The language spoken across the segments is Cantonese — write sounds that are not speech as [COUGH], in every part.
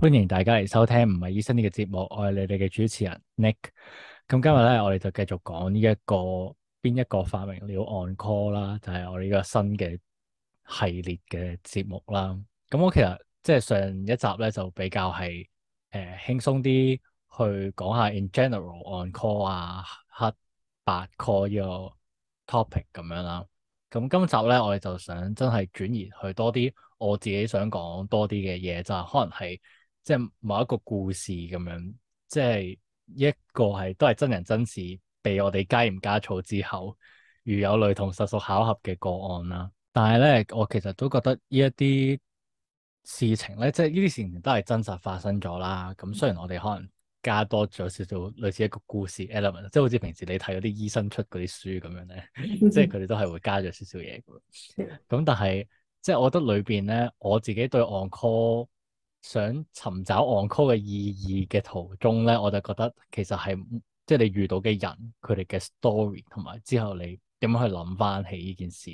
歡迎大家嚟收聽唔係醫生呢個節目，我係你哋嘅主持人 Nick。咁今日咧，我哋就繼續講呢、這、一個邊一個發明了 On Call 啦，就係、是、我呢個新嘅系列嘅節目啦。咁我其實即係上一集咧就比較係誒、呃、輕鬆啲去講下 In General On Call 啊、黑白 Call 呢個 topic 咁樣啦。咁今集咧，我哋就想真係轉移去多啲我自己想講多啲嘅嘢，就係、是、可能係。即係某一個故事咁樣，即係一個係都係真人真事，被我哋加鹽加醋之後，如有類同實屬巧合嘅個案啦。但係咧，我其實都覺得呢一啲事情咧，即係呢啲事情都係真實發生咗啦。咁雖然我哋可能加多咗少少，類似一個故事 element，即係好似平時你睇嗰啲醫生出嗰啲書咁樣咧，即係佢哋都係會加咗少少嘢嘅。咁但係，即係我覺得裏邊咧，我自己對 on call，想尋找 on call 嘅意義嘅途中咧，我就覺得其實係即係你遇到嘅人，佢哋嘅 story，同埋之後你點樣去諗翻起呢件事，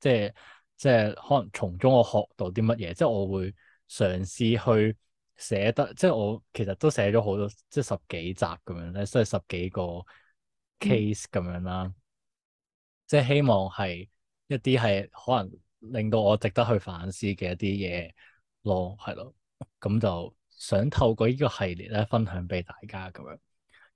即係即係可能從中我學到啲乜嘢，即係我會嘗試去寫得，即係我其實都寫咗好多，即係十幾集咁樣咧，即係十幾個 case 咁樣啦，嗯、即係希望係一啲係可能令到我值得去反思嘅一啲嘢咯，係咯。咁就想透過呢個系列咧分享俾大家咁樣，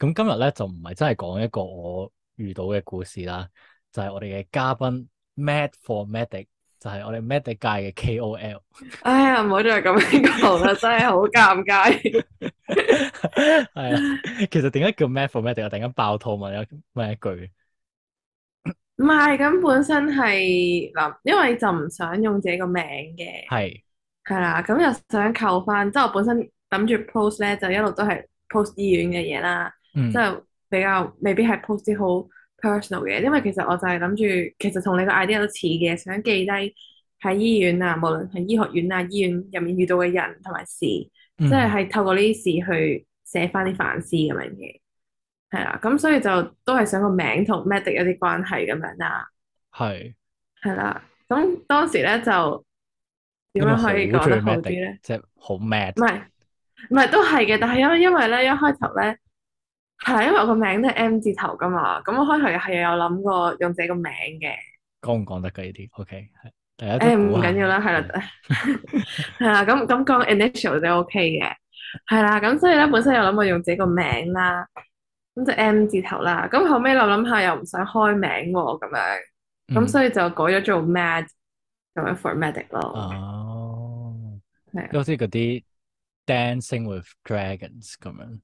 咁今日咧就唔係真係講一個我遇到嘅故事啦，就係、是、我哋嘅嘉賓 Mad for Medic，就係我哋 Medic 界嘅 KOL。哎呀，唔好再咁樣講啦， [LAUGHS] 真係好尷尬。係 [LAUGHS] [LAUGHS] 啊，其實點解叫 Mad for Medic？我突然間爆肚問一問一句。唔係，咁本身係嗱，因為就唔想用自己個名嘅。係。係啦，咁又想求翻，即係我本身諗住 post 咧，就一路都係 post 醫院嘅嘢啦，即係、嗯、比較未必係 post 啲好 personal 嘅，因為其實我就係諗住，其實同你個 idea 都似嘅，想記低喺醫院啊，無論係醫學院啊、醫院入面遇到嘅人同埋事，即係係透過呢啲事去寫翻啲反思咁樣嘅，係啦，咁所以就都係想個名同 medical 有啲關係咁樣啦，係是，係啦，咁當時咧就。點樣可以講得好啲咧？即係好 mad，唔係唔係都係嘅，但係因為因為咧一開頭咧係因為我個名都係 M 字頭噶嘛，咁我開頭又係有諗過用自己個名嘅，講唔講得噶呢啲？OK 第一誒，唔緊要啦，係啦的，係啊的，咁咁講 initial 都 OK 嘅，係啦，咁所以咧本身有諗過用自己個名啦，咁就 M 字頭啦，咁後尾又諗下又唔想開名喎、啊，咁樣咁所以就改咗做 mad 咁樣、嗯、for medic 咯。啊好似嗰啲 Dancing with Dragons 咁樣，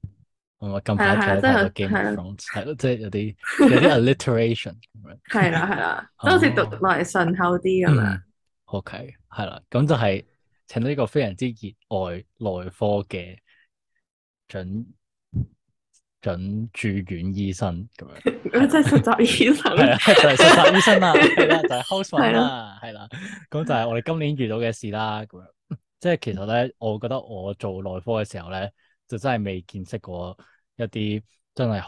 我咁快排睇一睇個 Game of Thrones 係咯，即係有啲有啲 alliteration 咁樣、啊。係啦係啦，都好似讀落嚟順口啲咁樣。OK，係啦，咁就係請到呢個非常之熱愛內科嘅準準住院醫生咁樣。我真係實習醫生，係啊，就係實習醫生啦，係啦，就係 houseman 啦，係啦，咁就係我哋今年遇到嘅事啦，咁樣。即係其實咧，我覺得我做內科嘅時候咧，就真係未見識過一啲真係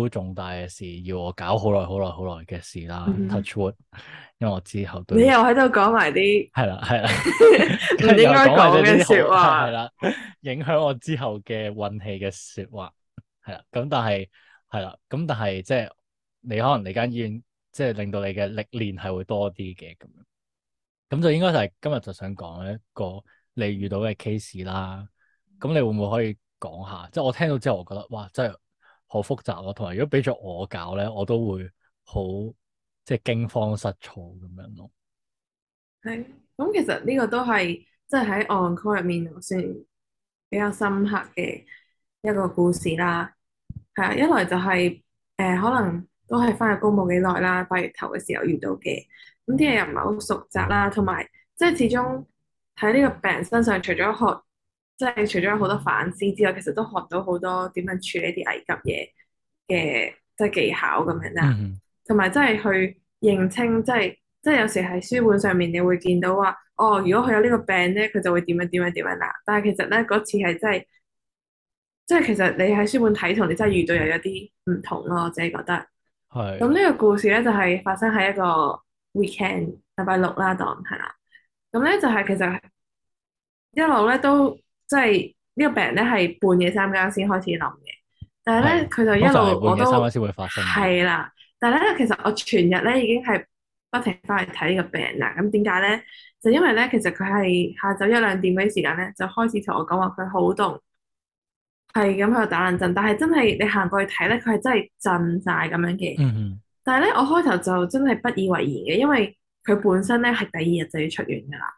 好重大嘅事，要我搞好耐好耐好耐嘅事啦。Touch wood. Mm hmm.，因為我之後都你又喺度講埋啲係啦係啦，唔應該講嘅說話係啦，影響我之後嘅運氣嘅說話係啦。咁但係係啦，咁但係即係你可能你間醫院即係令到你嘅歷練係會多啲嘅咁樣。咁就應該就係今日就想講一個你遇到嘅 case 啦。咁你會唔會可以講下？即係我聽到之後，我覺得哇，真係好複雜咯。同埋如果俾咗我搞咧，我都會好即係驚慌失措咁樣咯。係。咁其實呢個都係即係喺 on call 入面算比較深刻嘅一個故事啦。係啊，一來就係誒可能都係翻去工冇幾耐啦，八月頭嘅時候遇到嘅。咁啲嘢又唔係好熟習啦，同埋即係始終喺呢個病人身上除，除咗學即係除咗有好多反思之外，其實都學到好多點樣處理啲危急嘢嘅即係技巧咁樣啦。同埋即係去認清，即係即係有時喺書本上面你會見到話，哦，如果佢有呢個病咧，佢就會點樣點樣點樣啦。但係其實咧嗰次係真係，即係其實你喺書本睇同你真係遇到又有啲唔同咯，我自己覺得。係。咁呢個故事咧就係發生喺一個 Weekend，禮拜六啦，當係啦。咁、嗯、咧就係、是、其實一路咧都即係呢個病人咧係半夜三更先開始諗嘅，但係咧佢就一路我都係啦。但係咧其實我全日咧已經係不停翻去睇呢個病啦。咁點解咧？就因為咧其實佢係下晝一兩點嗰啲時間咧就開始同我講話佢好凍，係咁喺度打冷震。但係真係你行過去睇咧，佢係真係震晒咁樣嘅。嗯嗯但係咧，我開頭就真係不以為然嘅，因為佢本身咧係第二日就要出院噶啦，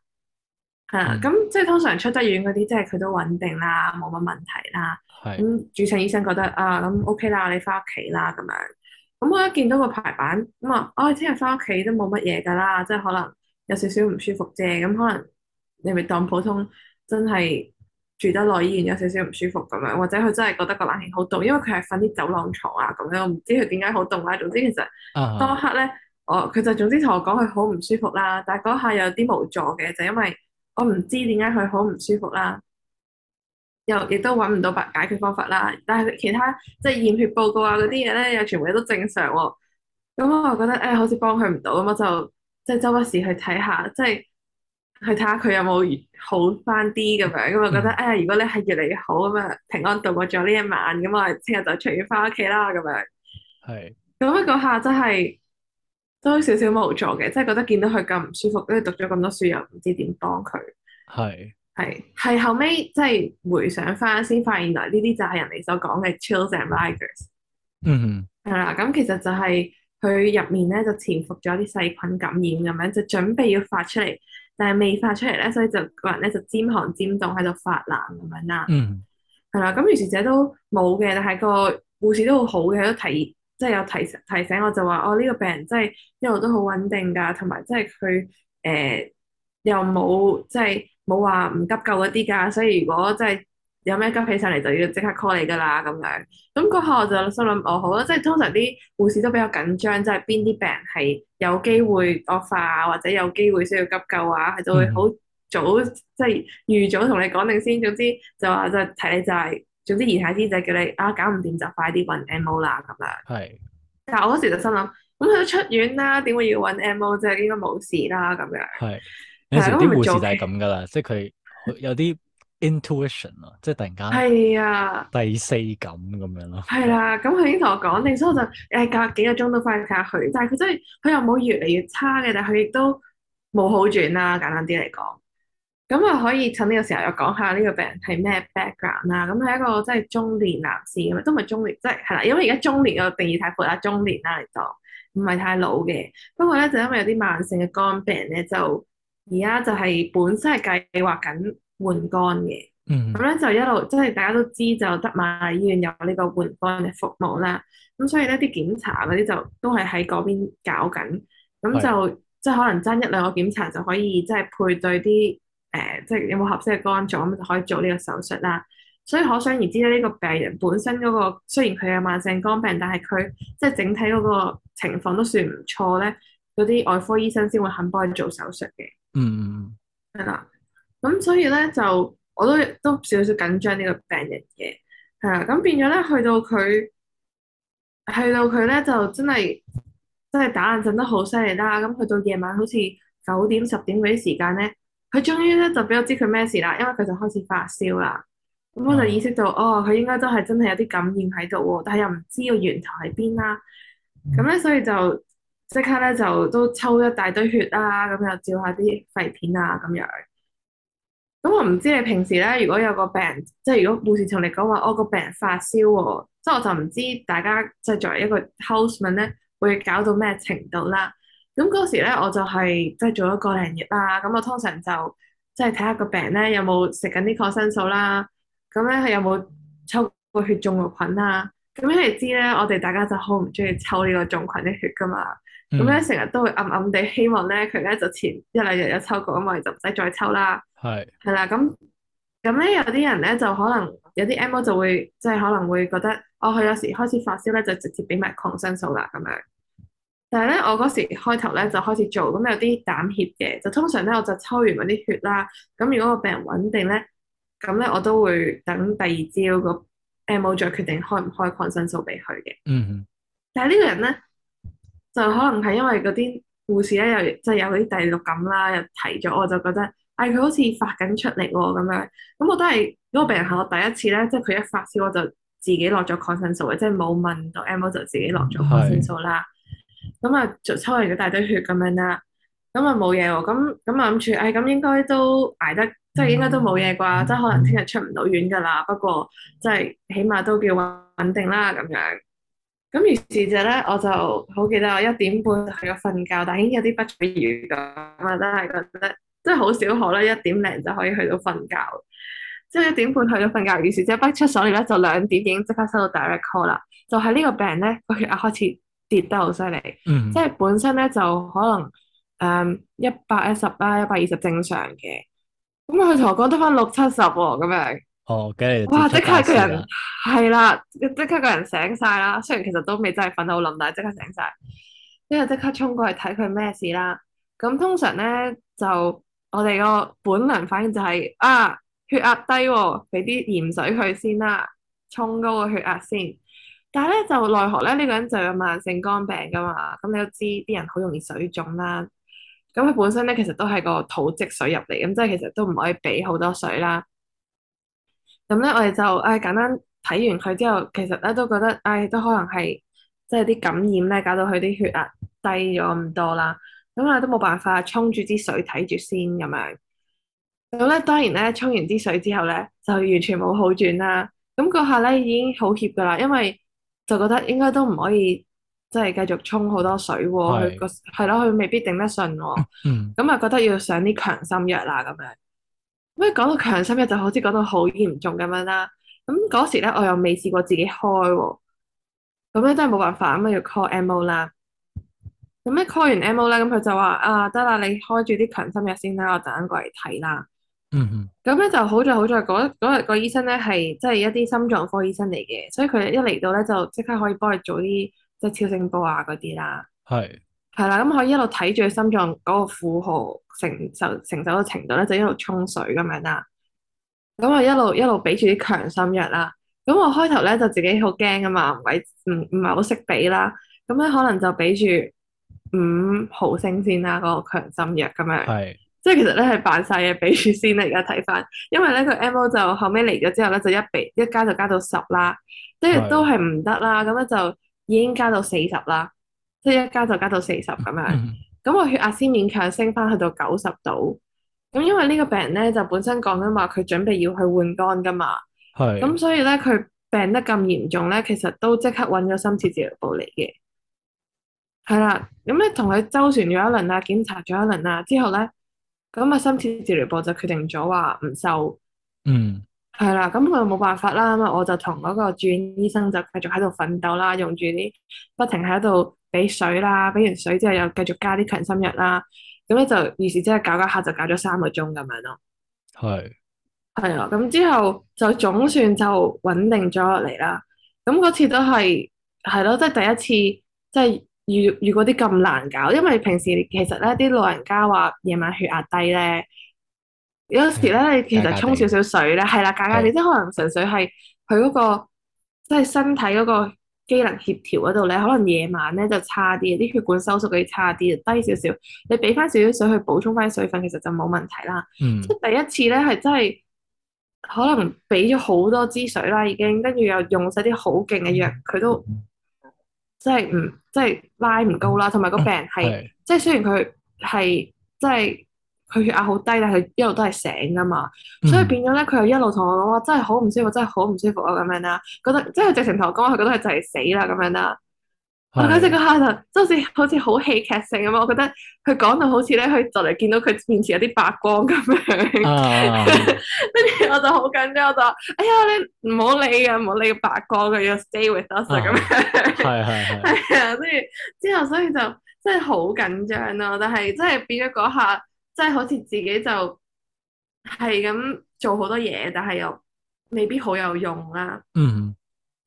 係、uh, 咁、mm. 嗯、即係通常出得院嗰啲，即係佢都穩定啦，冇乜問題啦。咁主診醫生覺得啊，咁 OK 啦，你翻屋企啦咁樣。咁、嗯、我一見到個排版，咁、嗯、啊，我聽日翻屋企都冇乜嘢噶啦，即係可能有少少唔舒服啫，咁、嗯、可能你咪當普通，真係。住得耐，醫院有少少唔舒服咁樣，或者佢真係覺得個冷氣好凍，因為佢係瞓啲走廊床啊咁樣，我唔知佢點解好凍啦。總之其實嗰刻咧，我佢、uh huh. 哦、就總之同我講佢好唔舒服啦，但係嗰下有啲無助嘅，就是、因為我唔知點解佢好唔舒服啦，又亦都揾唔到解決方法啦。但係其他即係驗血報告啊嗰啲嘢咧，又全部都正常喎。咁、嗯、我又覺得誒、哎，好似幫佢唔到，咁我就即係周不時去睇下，即、就、係、是。去睇下佢有冇好翻啲咁樣，咁啊，覺得、嗯、哎呀，如果你係越嚟越好咁啊，平安度過咗呢一晚，咁我聽日就出院翻屋企啦咁樣。係。咁啊是 下真係都少少無助嘅，即係覺得見到佢咁唔舒服，跟住讀咗咁多書又唔知點幫佢。係是。係係後尾即係回想翻，先發現來呢啲就係人哋所講嘅 chills and rages，嗯嗯嗯。嗯。係啦，咁其實就係佢入面咧就潛伏咗啲細菌感染咁樣，就準備要發出嚟。但係未發出嚟咧，所以就個人咧就尖寒尖凍喺度發冷咁樣啦。係啦、嗯，咁如是者都冇嘅，但係個護士都好嘅，都提即係、就是、有提提醒我就話哦，呢、這個病人真係一路都好穩定噶，同埋即係佢誒又冇即係冇話唔急救嗰啲噶，所以如果即、就、係、是。有咩急起上嚟就要即刻 call 你噶啦，咁樣咁嗰下就心諗，哦，好啦，即係通常啲護士都比較緊張，即係邊啲病係有機會惡化或者有機會需要急救啊，佢就會好早即係預早同你講定先。總之就話就提你就係總之言下之意就係叫你啊搞唔掂就快啲揾 M O 啦咁樣。係是。但係我嗰時就心諗，咁佢都出院啦，點會要揾 M O 啫？應該冇事啦咁樣。係。時但有時啲護士就係咁噶啦，即係佢有啲。 [LAUGHS] intuition 啊，Int uition, 即係突然間係啊，第四感咁、啊、樣咯，係啦、啊，咁佢已經同我講定，所以我就誒隔幾個鐘都翻嚟睇下佢，但係佢真係佢又冇越嚟越差嘅，但係佢亦都冇好轉啦，簡單啲嚟講，咁啊可以趁呢個時候又講下呢個病人係咩 background 啦，咁係一個即係中年男士咁樣，都唔係中年，即係係啦，因為而家中年嘅定義太闊啦，中年啦嚟講唔係太老嘅，不過咧就因為有啲慢性嘅肝病咧，就而家就係本身係計劃緊。換肝嘅，咁咧、嗯、就一路即係、就是、大家都知，就得瑪麗醫院有呢個換肝嘅服務啦。咁所以咧啲檢查嗰啲就都係喺嗰邊搞緊，咁就即係是可能爭一兩個檢查就可以，即係配對啲誒，即、呃、係、就是、有冇合適嘅肝臟咁就可以做呢個手術啦。所以可想而知咧，呢、這個病人本身嗰、那個雖然佢有慢性肝病，但係佢即係整體嗰個情況都算唔錯咧，嗰啲外科醫生先會肯幫佢做手術嘅。嗯，係啦。咁所以咧就我都都少少緊張呢個病人嘅係啊，咁變咗咧，去到佢去到佢咧就真係真係打冷震得好犀利啦。咁去到夜晚好似九點十點嗰啲時間咧，佢終於咧就俾我知佢咩事啦，因為佢就開始發燒啦。咁我就意識到哦，佢應該都係真係有啲感染喺度喎，但係又唔知個源頭喺邊啦。咁咧，所以就即刻咧就都抽一大堆血啦、啊，咁又照下啲肺片啊，咁樣。咁我唔知你平時咧，如果有個病人，即係如果護士同你講話，我、哦，那個病人發燒喎、哦，即係我就唔知大家即係作為一個 houseman 咧，會搞到咩程度啦。咁、嗯、嗰、那個、時咧，我就係、是、即係做咗個零月啦。咁、嗯、我通常就即係睇下個病咧有冇食緊啲抗生素啦。咁咧佢有冇抽過血種個菌啦？咁你知咧，我哋大家就好唔中意抽呢個種菌啲血噶嘛。咁咧，成日、嗯嗯、都會暗暗地希望咧，佢咧就前一兩日有抽過咁我哋就唔使再抽啦。係是。係啦，咁咁咧，有啲人咧就可能有啲 MO 就會即係、就是、可能會覺得，哦，佢有時開始發燒咧，就直接俾埋抗生素啦咁樣。但係咧，我嗰時開頭咧就開始做，咁有啲膽怯嘅，就通常咧我就抽完嗰啲血啦。咁如果個病人穩定咧，咁咧我都會等第二朝個 MO 再決定開唔開抗生素俾佢嘅。嗯但係呢個人咧。就可能係因為嗰啲護士咧，又即係有啲、就是、第六感啦，又提咗，我就覺得，唉、哎，佢好似發緊出嚟喎咁樣。咁我都係嗰個病人係我第一次咧，即係佢一發燒，我就自己落咗抗生素嘅，即係冇問到 AMO 就自己落咗抗生素啦。咁啊是，就抽完咗大堆血咁樣啦。咁啊冇嘢喎，咁咁啊諗住，唉，咁、哎、應該都捱得，即、就、係、是、應該都冇嘢啩，即係、嗯、可能聽日出唔到院噶啦。不過即係起碼都叫穩定啦，咁樣。咁於是就咧，我就好記得我一點半去咗瞓覺，但已經有啲不速而來嘛，我真係覺得即係好少可啦，一點零就可以去到瞓覺，即係一點半去到瞓覺，於是即係不出所料咧，就兩點已經即刻收到 direct call 啦。就喺呢個病咧，個血壓開始跌得好犀利，mm hmm. 即係本身咧就可能誒一百一十啦，一百二十正常嘅，咁佢同我講得翻六七十喎，咁樣。哦，梗係哇！即刻個人係啦，即 [LAUGHS] 刻個人醒晒啦。雖然其實都未真係瞓到好冧，但係即刻醒晒，因為即刻衝過去睇佢咩事啦。咁通常咧，就我哋個本能反應就係、是、啊，血壓低，俾啲鹽水佢先啦，衝高個血壓先。但係咧就奈何咧呢、這個人就有慢性肝病噶嘛，咁你都知啲人好容易水腫啦。咁佢本身咧其實都係個肚積水入嚟，咁即係其實都唔可以俾好多水啦。咁咧，我哋就唉、哎、簡單睇完佢之後，其實咧都覺得唉、哎，都可能係即係啲感染咧，搞到佢啲血壓低咗咁多啦。咁啊，都冇辦法沖住啲水睇住先咁樣。咁咧，當然咧，沖完啲水之後咧，就完全冇好轉啦。咁嗰下咧已經好怯噶啦，因為就覺得應該都唔可以即係繼續沖好多水喎。係。佢個係咯，佢未必頂得順咯。嗯。咁啊，覺得要上啲強心藥啦，咁樣。咁講到強心藥就好似講到好嚴重咁樣啦。咁嗰時咧我又未試過自己開，咁樣真係冇辦法咁樣要 call M O 啦。咁樣 call 完 M O 咧，咁佢就話啊，得啦，你開住啲強心藥先啦，我等陣間過嚟睇啦。嗯嗯。咁咧就好在好在嗰日個醫生咧係即係一啲心臟科醫生嚟嘅，所以佢一嚟到咧就即刻可以幫佢做啲即係超聲波啊嗰啲啦。係。係啦，咁可以一路睇住佢心臟嗰個負荷承受承受嘅程度咧，就一路沖水咁樣啦。咁我一路一路俾住啲強心藥啦。咁我開頭咧就自己好驚啊嘛，唔係唔唔係好識俾啦。咁咧可能就俾住五毫升先啦，嗰個強心藥咁樣。係是，即係其實咧係扮晒嘢俾住先啦。而家睇翻，因為咧佢 M O 就後尾嚟咗之後咧，就一俾一加就加到十啦，即係都係唔得啦。咁咧是就已經加到四十啦。即係一加就加到四十咁樣，咁、嗯、我血壓先勉強升翻去到九十度。咁因為呢個病人咧就本身講緊話，佢準備要去換肝噶嘛，咁是所以咧佢病得咁嚴重咧，其實都即刻搵咗深切治療部嚟嘅係啦，咁咧同佢周旋咗一輪啦，檢查咗一輪啦之後咧，咁啊深切治療部就決定咗話唔收。嗯，係啦，咁佢又冇辦法啦，咁啊我就同嗰個住院醫生就繼續喺度奮鬥啦，用住啲不停喺度俾水啦，俾完水之後又繼續加啲強心藥啦，咁咧就於是即係搞搞下，就搞咗三個鐘咁樣咯。係係啊，咁之後就總算就穩定咗落嚟啦。咁嗰次都係係咯，即係第一次，即係遇遇嗰啲咁難搞。因為平時其實咧啲老人家話夜晚血壓低咧，有時咧你其實沖少少水咧，係啦，搞搞你即係可能純粹係佢嗰個即係身體嗰個。機能協調嗰度咧，可能夜晚咧就差啲，啲血管收縮嘅差啲，低少少。你俾翻少少水去補充翻水分，其實就冇問題啦。即係、嗯、第一次咧，係真係可能俾咗好多支水啦，已經跟住又用晒啲好勁嘅藥，佢都即係唔即係拉唔高啦。同埋個病人係、嗯、即係雖然佢係即係。佢血壓好低，但佢一路都係醒噶嘛，嗯、所以變咗咧，佢又一路同我講，真係好唔舒服，真係好唔舒服啊咁樣啦，覺得即係直情頭講，佢覺得佢是 就死啦咁樣啦。我嗰時嗰刻就即係好似好似好戲劇性咁啊！我覺得佢講到好似咧，佢就嚟見到佢面前有啲白光咁樣，跟 [LAUGHS] 住我就好緊張，我就話哎呀你唔好理啊，唔好理白光，佢要 stay with us 啊咁、嗯、樣，係係係，係啊，跟住之後、後、後所以就真係好緊張咯，但係真係變咗嗰下。Abdul 即係好似自己就係咁做好多嘢，但係又未必好有用啦、啊。嗯，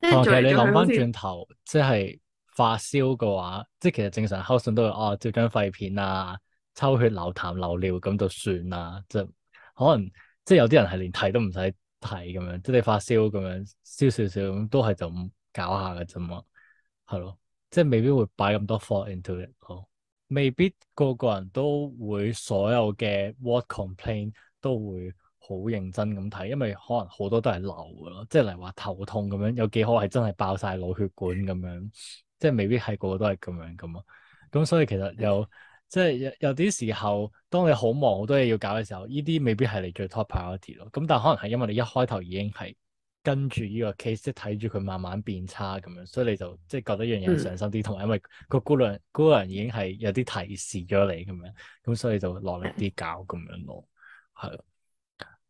即係、哦、你諗翻轉頭，即係發燒嘅話，即係其實正常 House 都會哦照張肺片啊，抽血、留痰、留尿咁就算啦。即可能即係有啲人係連睇都唔使睇咁樣，即係你發燒咁樣燒少少咁都係就咁搞下嘅啫嘛，係咯，即係未必會擺咁多 thought into 嘅、哦。未必個個人都會所有嘅 what complaint 都會好認真咁睇，因為可能好多都係流嘅咯，即係嚟話頭痛咁樣，有幾何係真係爆晒腦血管咁樣，即係未必係個個都係咁樣咁啊。咁所以其實有即係有有啲時候，當你好忙好多嘢要搞嘅時候，呢啲未必係你最 top priority 咯。咁但係可能係因為你一開頭已經係。跟住呢個 case，即係睇住佢慢慢變差咁樣，所以你就即係覺得呢樣嘢上心啲，同埋、嗯、因為個姑娘嗰個已經係有啲提示咗你咁樣，咁所以就落力啲搞咁樣咯，係咯。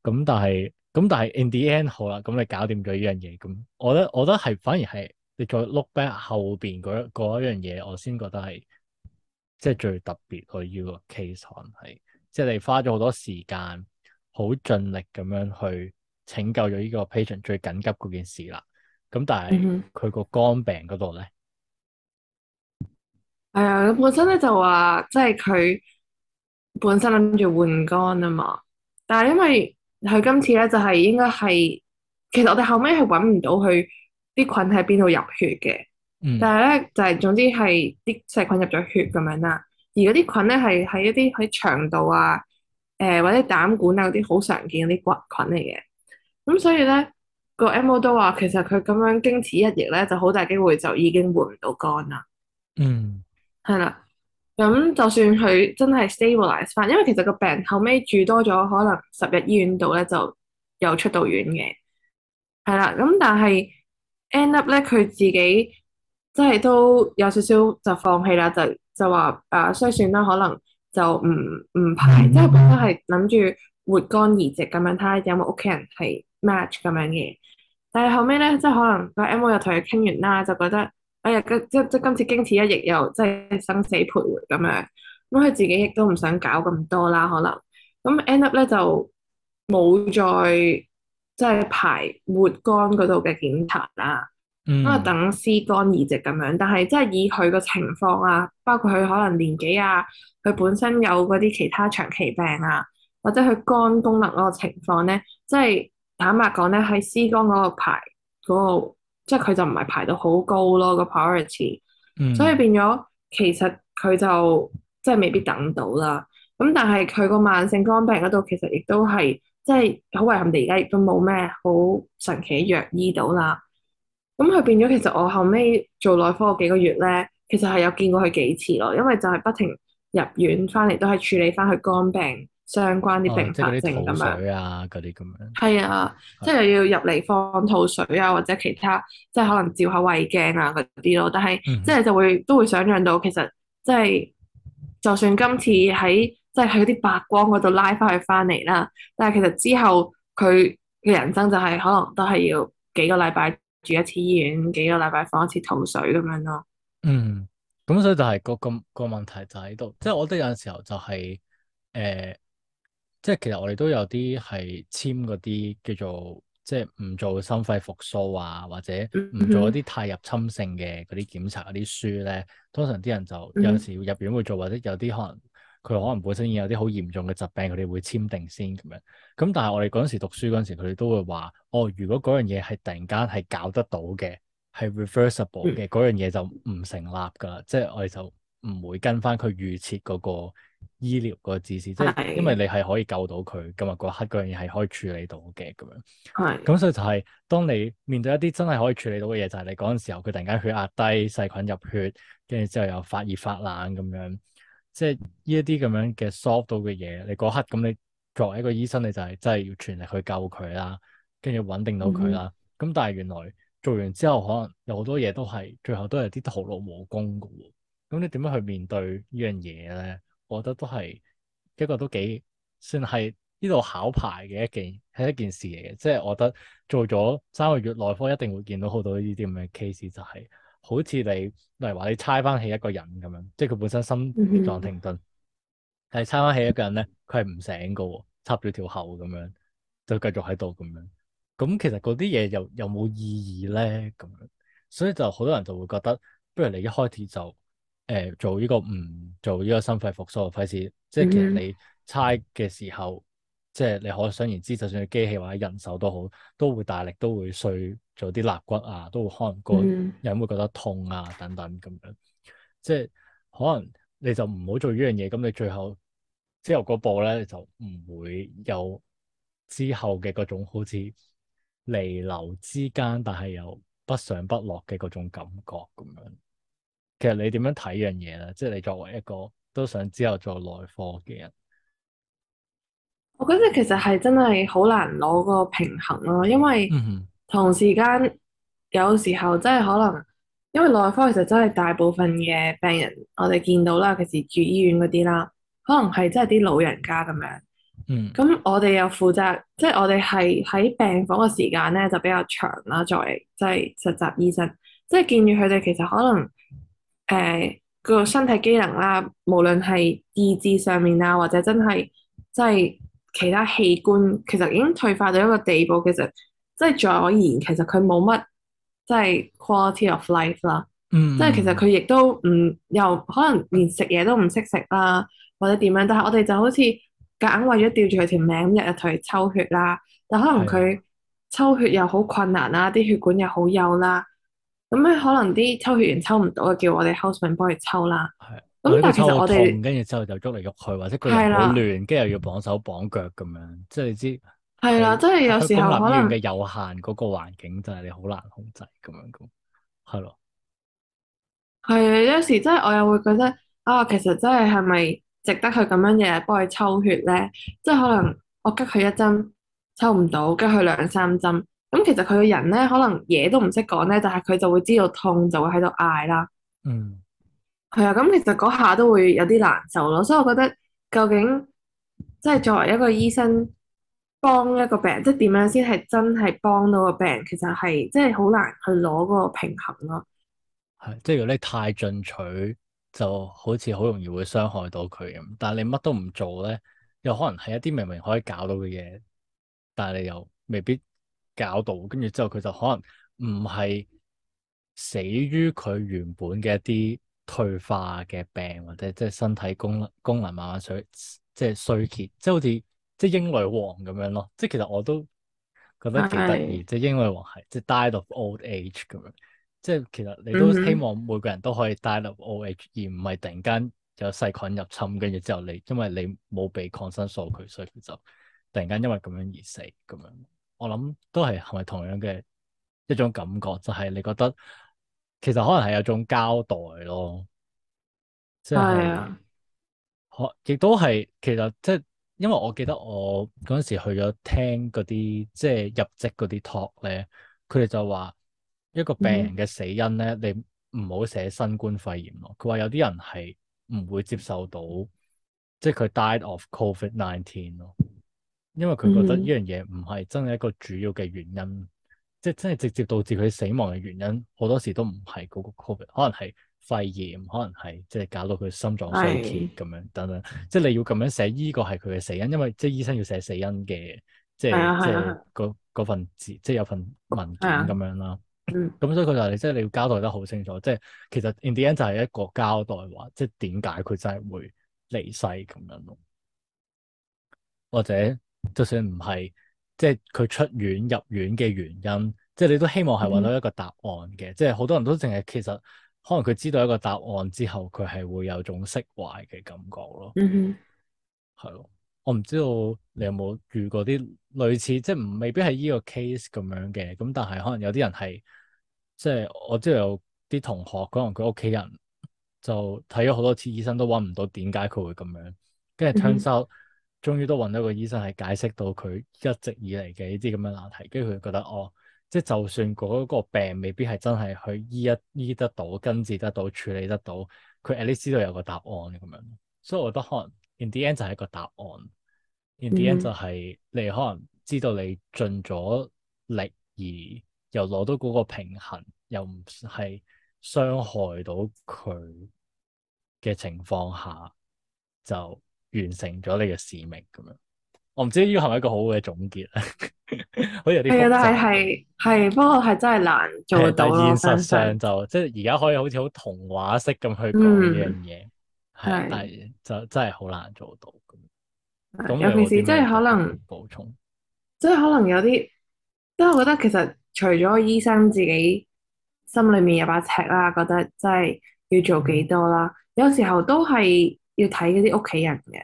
咁但係，咁但係 in the end 好啦，咁你搞掂咗呢樣嘢，咁我咧，我咧係反而係你再 look back 後邊嗰一樣嘢，我先覺得係即係最特別、這個呢個 case 可能係，即係你花咗好多時間，好盡力咁樣去。拯救咗呢個 patient 最緊急嗰件事啦，咁但係佢個肝病嗰度咧，係啊，本身咧就話即係佢本身諗住換肝啊嘛，但係因為佢今次咧就係、是、應該係其實我哋後尾係揾唔到佢啲菌喺邊度入血嘅，mm hmm. 但係咧就係、是、總之係啲細菌入咗血咁樣啦，而嗰啲菌咧係喺一啲喺腸道啊，誒、呃、或者膽管啊嗰啲好常見嗰啲骨菌嚟嘅。咁所以咧，個 M.O. 都話其實佢咁樣經此一役咧，就好大機會就已經換唔到肝啦。嗯、mm.，係啦。咁就算佢真係 stabilize 翻，因為其實個病後尾住多咗，可能十日醫院度咧就又出到院嘅。係啦。咁但係 end up 咧，佢自己真係都有少少就放棄啦，就就話誒、呃，衰算啦，可能就唔唔排。即係、mm hmm. 本身係諗住活肝移植咁樣睇下有冇屋企人係。match 咁樣嘅，但係後尾咧，即係可能個 M.O. 又同佢傾完啦，就覺得哎呀，即即今次經此一役又，又即係生死徘徊咁樣，咁佢自己亦都唔想搞咁多啦，可能咁 end up 咧就冇再即係排活肝嗰度嘅檢查啦，咁啊、嗯、等屍肝移植咁樣。但係即係以佢個情況啊，包括佢可能年紀啊，佢本身有嗰啲其他長期病啊，或者佢肝功能嗰個情況咧，即係。坦白講咧，喺施工嗰度排嗰度、那個，即係佢就唔係排到好高咯，個 priority，、嗯、所以變咗其實佢就即係未必等到啦。咁但係佢個慢性肝病嗰度其實亦都係即係好遺憾地而家亦都冇咩好神奇嘅藥醫到啦。咁佢變咗其實我後尾做內科幾個月咧，其實係有見過佢幾次咯，因為就係不停入院翻嚟都係處理翻佢肝病。相關啲病症咁水啊，嗰啲咁樣，係啊，啊即係又要入嚟放肚水啊，或者其他，即係可能照下胃鏡啊嗰啲咯。但係、嗯、即係就會都會想象到，其實即、就、係、是、就算今次喺即係喺啲白光嗰度拉翻去翻嚟啦，但係其實之後佢嘅人生就係、是、可能都係要幾個禮拜住一次醫院，幾個禮拜放一次肚水咁樣咯。嗯，咁所以就係、是個咁、個問題就喺度，即、就、係、是、我覺得有陣時候就係、是、誒。呃即係其實我哋都有啲係簽嗰啲叫做即係唔做心肺復甦啊，或者唔做一啲太入侵性嘅嗰啲檢查啲書咧，通常啲人就有時入院會做，或者有啲可能佢可能本身已有啲好嚴重嘅疾病，佢哋會簽定先咁樣。咁但係我哋嗰陣時讀書嗰時，佢哋都會話：哦，如果嗰樣嘢係突然間係搞得到嘅，係 reversible 嘅嗰樣嘢就唔成立㗎喇，即係我哋就唔會跟翻佢預設嗰個。醫療嗰個知識，即係因為你係可以救到佢，今日嗰刻嗰樣嘢係可以處理到嘅咁樣。係的，咁所以就係、是、當你面對一啲真係可以處理到嘅嘢，就係、是、你嗰陣時候佢突然間血壓低，細菌入血，跟住之後又發熱發冷咁樣，即係呢一啲咁樣嘅 soft 到嘅嘢，你嗰刻咁你作為一個醫生，你就係真係要全力去救佢啦，跟住穩定到佢啦。咁、嗯、但係原來做完之後，可能有好多嘢都係最後都係啲徒勞無功噶喎。咁你點樣去面對呢樣嘢咧？我覺得都係一個都幾算係呢度考牌嘅一件係一件事嚟嘅，即係我覺得做咗三個月內科一定會見到多、就是、好多呢啲咁嘅 case，就係好似你例如話你猜翻起一個人咁樣，即係佢本身心臟停頓，係、mm hmm. 猜翻起一個人咧，佢係唔醒噶喎，插住條喉咁樣就繼續喺度咁樣，咁其實嗰啲嘢又又冇意義咧咁樣，所以就好多人就會覺得不如你一開始就。誒、呃，做呢個唔做呢個心肺復甦，費事。即係其實你猜嘅時候，mm hmm. 即係你可想而知，就算係機器或者人手都好，都會大力，都會碎做啲肋骨啊，都會可能個人會覺得痛啊等等咁樣。即係可能你就唔好做呢樣嘢，咁你最後之後嗰步咧就唔會有之後嘅嗰種好似彌留之間，但係又不上不落嘅嗰種感覺咁樣。其實你點樣睇樣嘢啦？即係你作為一個都想之後做內科嘅人，我覺得其實係真係好難攞個平衡咯，因為同時間有時候真係可能因為內科其實真係大部分嘅病人，我哋見到啦，其實住醫院嗰啲啦，可能係真係啲老人家咁樣。嗯。咁我哋又負責，即係我哋係喺病房嘅時間咧就比較長啦。作為即係實習醫生，即係見住佢哋其實可能。誒，個、呃、身體機能啦，無論係意志上面啊，或者真係，即、就、係、是、其他器官，其實已經退化到一個地步，其實即係在我而言，其實佢冇乜，即係 quality of life 啦。嗯。即係其實佢亦都唔，又可能連食嘢都唔識食啦，或者點樣，但係我哋就好似夾硬為咗吊住佢條命，咁日日同佢抽血啦。但可能佢的抽血又好困難啦，啲血管又好幼啦。咁咧，可能啲抽血員抽唔到啊，叫我哋 houseman 幫佢抽啦。係的。咁但其實我哋痛，跟住之後就喐嚟喐去，或者佢好亂，跟住的又要綁手綁腳咁樣，即係你知。係啦的，去即係有時候可能。公立醫院嘅有限嗰個環境就係你好難控制咁樣噶，係咯。係有時真係我又會覺得啊、哦，其實真係係咪值得佢咁樣嘢日幫佢抽血咧？即係可能我拮佢一針抽唔到，拮佢兩三針。咁其實佢個人咧，可能嘢都唔識講咧，但係佢就會知道痛，就會喺度嗌啦。嗯，係啊，咁其實嗰下都會有啲難受咯。所以我覺得，究竟即係作為一個醫生幫一個病人，即係點樣先係真係幫到個病人？其實係即係好難去攞嗰個平衡咯。係，即係如果你太進取，就好似好容易會傷害到佢咁。但係你乜都唔做咧，又可能係一啲明明可以搞到嘅嘢，但係你又未必。搞到跟住之後，佢就可能唔係死於佢原本嘅一啲退化嘅病，或者即係身體功能功能慢慢衰，即係衰竭，即係好似即係英女王咁樣咯。即係其實我都覺得幾得意，是即係英女王係，即係 died of old age 咁樣，即係其實你都希望每個人都可以 died of old age，、mm hmm. 而唔係突然間有細菌入侵，跟住之後你，你因為你冇俾抗生素佢，所以佢就突然間因為咁樣而死咁樣。我諗都係係咪同樣嘅一種感覺？就係、是、你覺得其實可能係有種交代咯，即係可亦都係其實即、就、係、是，因為我記得我嗰陣時去咗聽嗰啲即係入職嗰啲 talk 咧，佢哋就話一個病人嘅死因咧，嗯、你唔好寫新冠肺炎咯。佢話有啲人係唔會接受到，即、就、係、是、佢 died of COVID nineteen 咯。因為佢覺得呢樣嘢唔係真係一個主要嘅原因，mm hmm. 即係真係直接導致佢死亡嘅原因，好多時都唔係嗰個 COVID，可能係肺炎，可能係即係搞到佢心臟衰竭咁樣等等。即係你要咁樣寫，依、這個係佢嘅死因，因為即係醫生要寫死因嘅，即係、mm hmm. 即係嗰份字，即係有份文件咁、mm hmm. 樣啦。咁所以佢就話，即係你要交代得好清楚，即係其實 in the end 就係一個交代話，即係點解佢真係會離世咁樣咯，或者。就算唔係即係佢出院入院嘅原因，即係你都希望係揾到一個答案嘅。嗯、即係好多人都淨係其實可能佢知道一個答案之後，佢係會有種釋懷嘅感覺咯。嗯哼，係咯。我唔知道你有冇遇過啲類似即係唔未必係呢個 case 咁樣嘅。咁但係可能有啲人係即係我知道有啲同學可能佢屋企人就睇咗好多次醫生都揾唔到點解佢會咁樣，跟住聽終於都揾到個醫生係解釋到佢一直以嚟嘅呢啲咁嘅難題，跟住佢覺得哦，即係就算嗰個病未必係真係去醫一醫得到、根治得到、處理得到，佢 at least 知道有個答案咁樣。所以我覺得可能 in the end 就係一個答案，in the end 就係你可能知道你盡咗力而又攞到嗰個平衡，又唔係傷害到佢嘅情況下就。完成咗你嘅使命咁樣，我唔知呢個係咪一個好嘅總結咧， [LAUGHS] 好似有啲係啊，但係係不過係真係難， [LAUGHS] 難做到。但係現實上就即係而家可以好似好童話式咁去講呢樣嘢，係但係就真係好難做到。尤其是即係可能補充，即係可能有啲，即係我覺得其實除咗醫生自己心裏面有把尺啦，覺得即係要做幾多啦，有時候都係。要睇嗰啲屋企人嘅，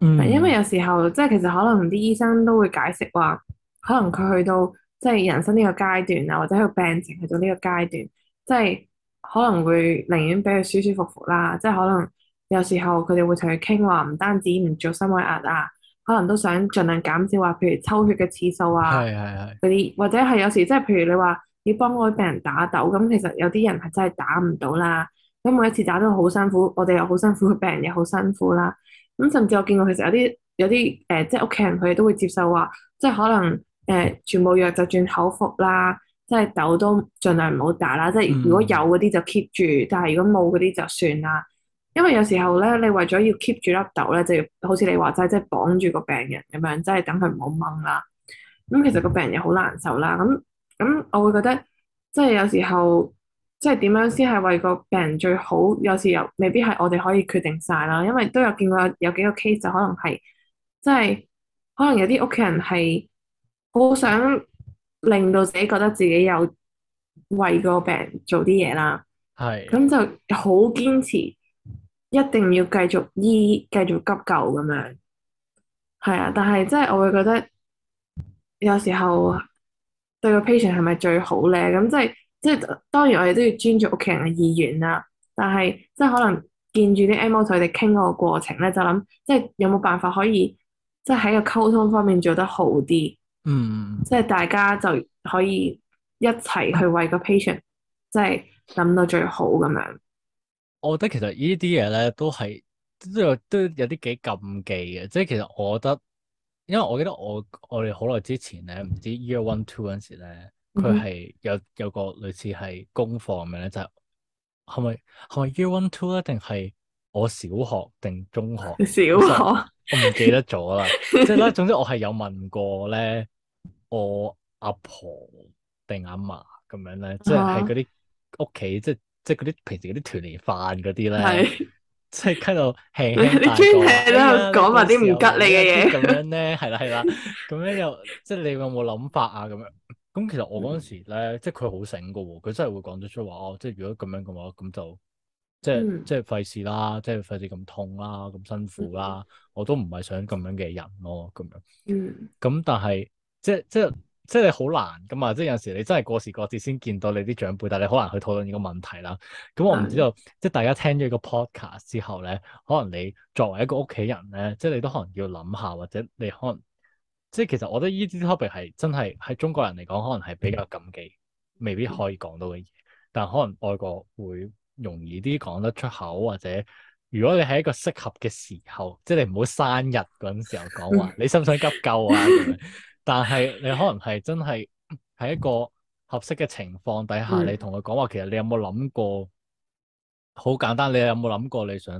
嗯、因為有時候即係、就是、其實可能啲醫生都會解釋話，可能佢去到即係、就是、人生呢個階段啊，或者佢病情去到呢個階段，即、就、係、是、可能會寧願俾佢舒舒服服啦。即、就、係、是、可能有時候佢哋會同佢傾話，唔單止唔做心外壓啊，可能都想盡量減少話，譬如抽血嘅次數啊，係係係嗰啲，或者係有時即係、就是、譬如你話要幫嗰啲病人打豆，咁其實有啲人係真係打唔到啦。咁每一次打都好辛苦，我哋又好辛苦，個病人又好辛苦啦。咁甚至我見過其實有啲有啲誒、呃，即係屋企人佢哋都會接受話，即係可能誒、呃、全部藥就轉口服啦，即係豆都盡量唔好打啦。即係如果有嗰啲就 keep 住，但係如果冇嗰啲就算啦。因為有時候咧，你為咗要 keep 住粒豆咧，就要好似你話齋，即係綁住個病人咁樣，即係等佢唔好掹啦。咁、嗯、其實個病人又好難受啦。咁咁我會覺得即係有時候。即係點樣先係為個病人最好？有時又未必係我哋可以決定晒啦，因為都有見過有幾個 case 就可能係，即係可能有啲屋企人係好想令到自己覺得自己有為個病人做啲嘢啦。係是。咁就好堅持，一定要繼續醫、繼續急救咁樣。係啊，但係即係我會覺得有時候對個 patient 係咪最好咧？咁即係。即係當然，我哋都要尊重屋企人嘅意願啦。但係即係可能見住啲 MOT 佢哋傾嗰個過程咧，就諗即係有冇辦法可以即係喺個溝通方面做得好啲。嗯，即係大家就可以一齊去為個 patient 即係諗到最好咁樣。我覺得其實呢啲嘢咧都係都有都有啲幾禁忌嘅。即係其實我覺得，因為我記得我我哋好耐之前咧，唔知 year one two 嗰陣時咧。佢係有有個類似係功課咁樣咧，就係係咪係咪 Year One Two 啊？定係我小學定中學？小學我唔記得咗啦。即係咧，總之我係有問過咧，我阿婆定阿嫲咁樣咧，即係喺嗰啲屋企，即係即係嗰啲平時嗰啲團年飯嗰啲咧，即係喺度你起大個講埋啲唔吉利嘅嘢咁樣咧，係啦係啦，咁樣又即係你有冇諗法啊？咁樣。咁、嗯、其實我嗰陣時咧，即係佢好醒噶喎，佢真係會講得出話哦。即係如果咁樣嘅話，咁就即係即係費事啦，即係費事咁痛啦，咁辛苦啦，嗯、我都唔係想咁樣嘅人咯。咁樣，咁、嗯、但係即係即係即係你好難噶嘛。即係有時你真係過時過節先見到你啲長輩，但你好難去討論呢個問題啦。咁我唔知道，嗯、即係大家聽咗個 podcast 之後咧，可能你作為一個屋企人咧，即係你都可能要諗下，或者你可能。即係其實我覺得依啲 topic 係真係喺中國人嚟講，可能係比較禁忌，未必可以講到嘅嘢。但可能外國會容易啲講得出口，或者如果你喺一個適合嘅時候，即係你唔好生日嗰陣時候講話你使唔使急救啊？ [LAUGHS] 但係你可能係真係喺一個合適嘅情況底下，你同佢講話，其實你有冇諗過？好簡單，你有冇諗過你想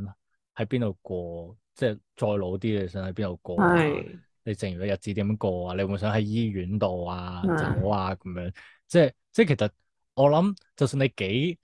喺邊度過？即係再老啲你想喺邊度過？係。你剩餘嘅日子點樣過啊？你會唔會想喺醫院度啊、走啊咁樣？即係即係其實我諗，就算你幾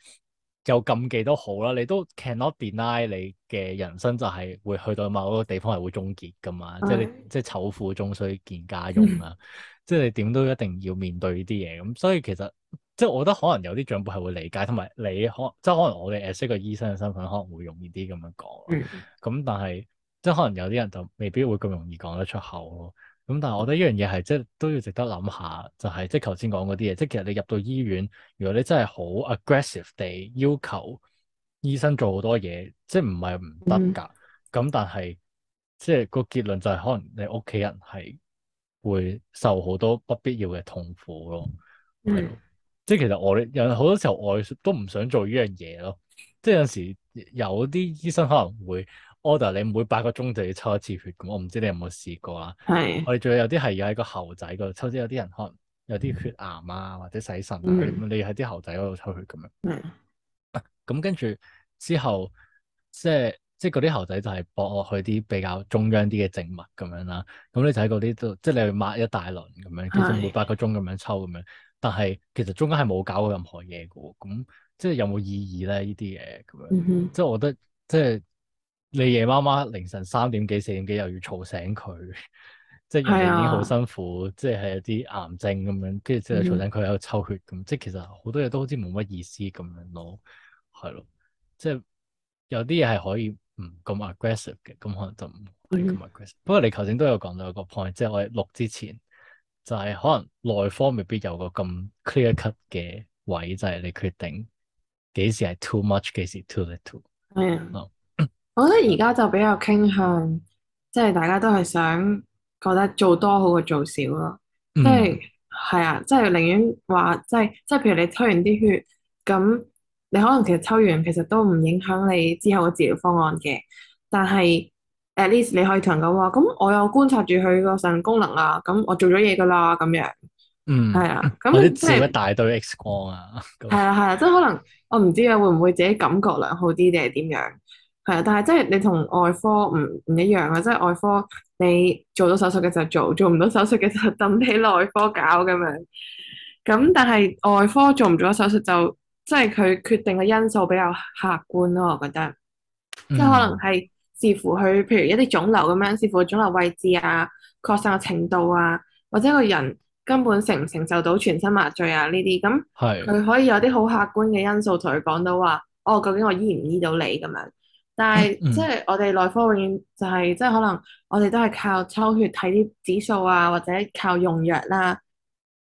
有禁忌都好啦，你都 can not deny 你嘅人生就係會去到某一個地方係會終結噶嘛。嗯、即係你即係醜婦終須見家用啊， [COUGHS] 即係你點都一定要面對呢啲嘢咁。所以其實即係我覺得可能有啲長輩係會理解，同埋你可即係可能我哋作為一個醫生嘅身份，可能會容易啲咁樣講。咁、嗯、但係。即係可能有啲人就未必會咁容易講得出口咯。咁但係我覺得呢樣嘢係即係都要值得諗下，就係即係頭先講嗰啲嘢。即係其實你入到醫院，如果你真係好 aggressive 地要求醫生做好多嘢，即係唔係唔得㗎？咁、嗯、但係即係個結論就係可能你屋企人係會受好多不必要嘅痛苦咯、嗯。即係其實我哋有好多時候我都唔想做呢樣嘢咯。即係有時有啲醫生可能會。Order 你每八個鐘就要抽一次血咁，我唔知你有冇試過啦。係我哋仲有啲係要喺個喉仔嗰度抽，即係有啲人可能有啲血癌啊、嗯、或者洗腎啊咁，嗯、你要喺啲喉仔嗰度抽血咁樣。咁跟住之後，即係即係嗰啲喉仔就係駁我去啲比較中央啲嘅靜脈咁樣啦。咁你就喺嗰啲度，即係你去抹一大輪咁樣，其實每八個鐘咁樣抽咁樣。但係其實中間係冇搞過任何嘢嘅，咁即係有冇意義咧？有冇意義呢啲嘢咁樣，嗯、即係我覺得即係。你夜媽媽凌晨三點幾四點幾又要嘈醒佢， [LAUGHS] 即係已經好辛苦，啊、即係有啲癌症咁、嗯、樣，跟住之後嘈醒佢喺度抽血咁，即係其實好多嘢都好似冇乜意思咁樣咯，係咯，即係有啲嘢係可以唔咁 aggressive 嘅，咁可能就唔咁 aggressive。嗯、不過你頭先都有講到一個 point，即係我哋錄之前就係、是、可能內科未必有個咁 clear cut 嘅位，就係、是、你決定幾時係 too much 幾時，too l i too little.、Mm.。嗯。我覺得而家就比較傾向，即係大家都係想覺得做多好過做少咯、嗯。即係係啊，即係寧願話即係，即係譬如你抽完啲血，咁你可能其實抽完其實都唔影響你之後嘅治療方案嘅。但係 at least 你可以同人講話，咁我有觀察住佢個腎功能啦，咁我做咗嘢噶啦，咁樣。嗯，係啊，咁即係。你照一大堆 X 光啊？係啊係啊，即係可能我唔知啊，會唔會自己感覺良好啲定係點樣？係啊，但係即係你同外科唔唔一樣啊！即係外科你做到手術嘅就做，做唔到手術嘅就揼畀內科搞咁樣。咁但係外科做唔做到手術就，即係佢決定嘅因素比較客觀咯，我覺得。嗯、即係可能係視乎佢，譬如一啲腫瘤咁樣，視乎腫瘤位置啊、擴散嘅程度啊，或者個人根本承唔承受到全身麻醉啊呢啲咁。係。佢是可以有啲好客觀嘅因素同佢講到話，哦，究竟我醫唔醫到你咁樣。但係，即係我哋內科永遠就係，即係可能我哋都係靠抽血睇啲指數啊，或者靠用藥啦。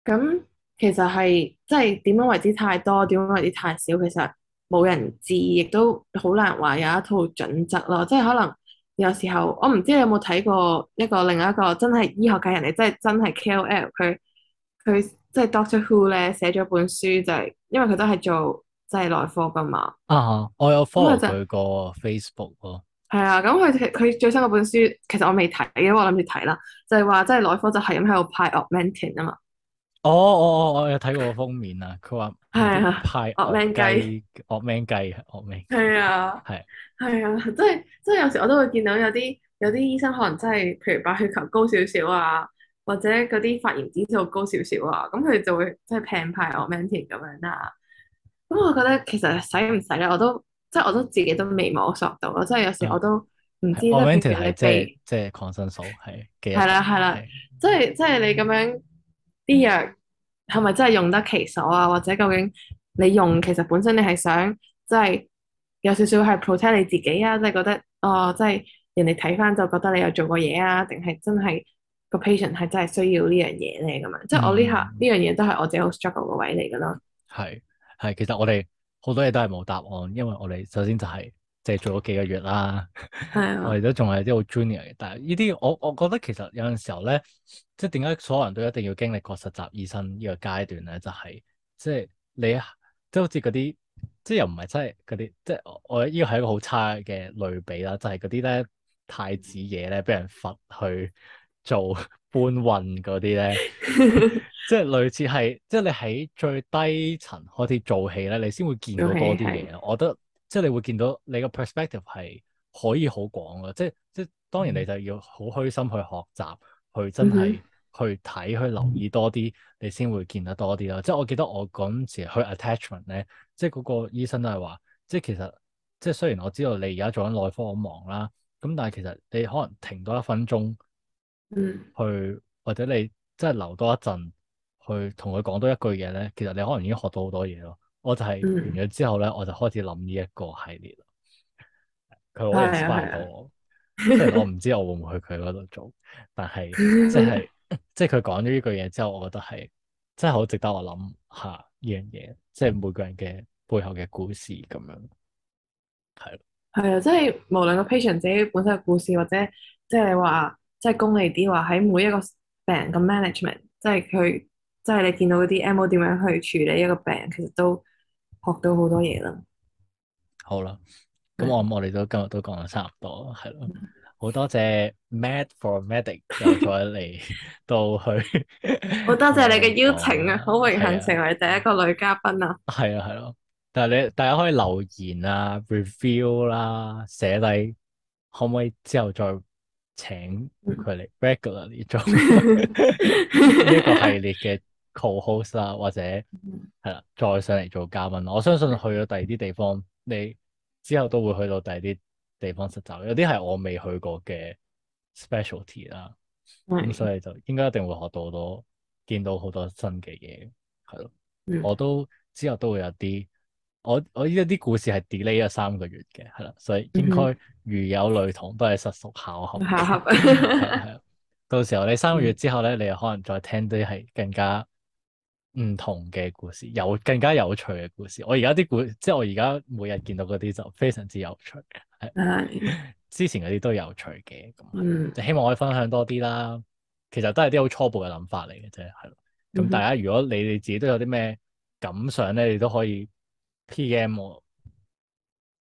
咁其實係即係點樣為之太多，點樣為之太少，其實冇人知，亦都好難話有一套準則咯。即係可能有時候我唔知你有冇睇過一個另一個真係醫學界人哋，真係真係 KOL 佢佢即係 Doctor Who 咧寫咗本書就係，因為佢都係做。即係內科噶嘛？啊，我有 follow 佢個 Facebook 咯。係啊，咁佢佢最新嗰本書，其實我未睇，因為我諗住睇啦。就係話，即係內科就係咁喺度派 Augmentin 啊嘛。哦哦哦，我有睇過個封面啊。佢話派惡命雞，惡命雞啊，惡命。係啊，係係啊，即係即係有時我都會見到有啲有啲醫生可能真係，譬如白血球高少少啊，或者嗰啲發炎指數高少少啊，咁佢就會即係平派 Augmentin 咁樣啦。咁我覺得其實使唔使咧，我都即係我都自己都未摸索到。我真係有時我都唔知咧。a v a 係即係即係抗生素係幾？係啦係啦，即係即係你咁樣啲、嗯、藥係咪真係用得其所啊？或者究竟你用其實本身你係想即係、就是、有少少係 protect 你自己啊？即、就、係、是、覺得哦，即係人哋睇翻就覺得你有做過嘢啊，定係真係、個 patient 係真係需要呢樣嘢咧咁啊？即係、嗯、我呢下呢樣嘢都係我自己好 struggle 嘅位嚟㗎咯。係的。係，其實我哋好多嘢都係冇答案，因為我哋首先就係即係做咗幾個月啦， [LAUGHS] [LAUGHS] 我哋都仲係啲好 junior。但係呢啲，我我覺得其實有陣時候咧，即係點解所有人都一定要經歷過實習醫生呢個階段咧？就係即係你，即係好似嗰啲，即係又唔係真係嗰啲，即係我呢個係一個好差嘅類比啦。就係嗰啲咧太子爺咧，俾人罰去做搬運嗰啲咧。 [LAUGHS] 即係類似係，即係你喺最低層開始做起咧，你先會見到多啲嘢。Okay, right. 我覺得即係你會見到你個 perspective 係可以好廣嘅。即係即係當然你就要好虛心去學習，去真係去睇、mm hmm. 去留意多啲，你先會見得多啲啦。即係我記得我嗰陣時去 attachment 咧，即係嗰個醫生都係話，即係其實即係雖然我知道你而家做緊內科好忙啦，咁但係其實你可能停多一分鐘去，嗯、mm，去、hmm. 或者你即係留多一陣。去同佢講多一句嘢咧，其實你可能已經學到好多嘢咯。我就係、是嗯、完咗之後咧，我就開始諗呢一個系列。佢攞嚟失敗過，即係、啊啊、我唔知我會唔會去佢嗰度做，但係即係即係佢講咗呢句嘢之後，我覺得係真係好值得我諗下呢樣嘢，即係每個人嘅背後嘅故事咁樣，係咯，係啊，即係無論個 patient 自己本身嘅故事，或者即係你話即係功利啲話喺每一個病人嘅 management，即係佢。即係你見到嗰啲 M.O. 點樣去處理一個病，其實都學到好多嘢啦。好啦，咁我諗我哋都今日都講咗差唔多，係咯。好多謝 Mad for Medic 又再嚟到去。好多謝你嘅邀請啊！好榮幸成為第一個女嘉賓啊！係啊，係咯，但係你大家可以留言啊，review 啦，啊，寫低可唔可以之後再請佢嚟 regularly 做呢一個系列嘅。co-host 啊，Co host, 或者係啦，再上嚟做嘉賓。我相信去咗第二啲地方，你之後都會去到第二啲地方實習。有啲係我未去過嘅 specialty 啦，咁所以就應該一定會學到好多，見到好多新嘅嘢。係咯，的我都之後都會有啲，我我依家啲故事係 delay 咗三個月嘅，係啦，所以應該如有雷同，都係實屬巧合。係 [LAUGHS] 啊，到時候你三個月之後咧，你可能再聽啲係更加～唔同嘅故事，有更加有趣嘅故事。我而家啲故，即係我而家每日見到嗰啲就非常之有趣嘅。係之前嗰啲都有趣嘅，咁就希望可以分享多啲啦。其實都係啲好初步嘅諗法嚟嘅啫，係咯。咁大家如果你哋自己都有啲咩感想咧，你都可以 P. M 我，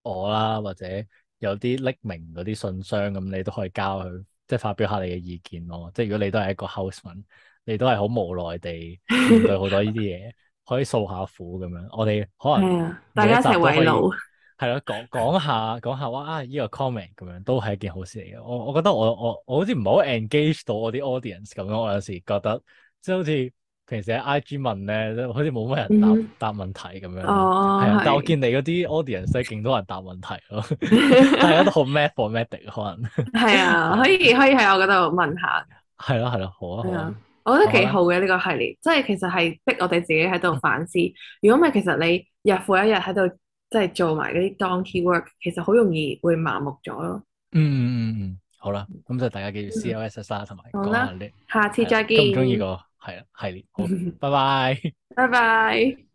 我啦，或者有啲匿名嗰啲信箱咁，你都可以交佢，即係發表下你嘅意見咯。即係如果你都係一個 houseman。你都係好無奈地面對好多呢啲嘢，可以訴下苦咁樣。我哋可能大家一齊慰勞，係咯，講講下講下啊，呢個 comment 咁樣都係一件好事嚟嘅。我我覺得我我我好似唔係好 engage 到我啲 audience 咁樣。我有時覺得即係好似平時喺 IG 問咧，好似冇乜人答答問題咁樣。哦，係。但我見你嗰啲 audience 都係勁多人答問題咯，大家都好 mad for mad 的可能。係啊，可以可以喺我嗰度問下。係咯係咯，好啊好。啊。我覺得幾好嘅呢吧個系列，即係其實係逼我哋自己喺度反思。如果唔係，其實你日復一日喺度即係做埋嗰啲 donkey work，其實好容易會麻木咗咯，嗯。嗯嗯嗯好啦，咁就大家記住 C O S 啦，同埋講下啲下次再見。咁中意個係啦系列，好， [LAUGHS] 拜拜，拜拜。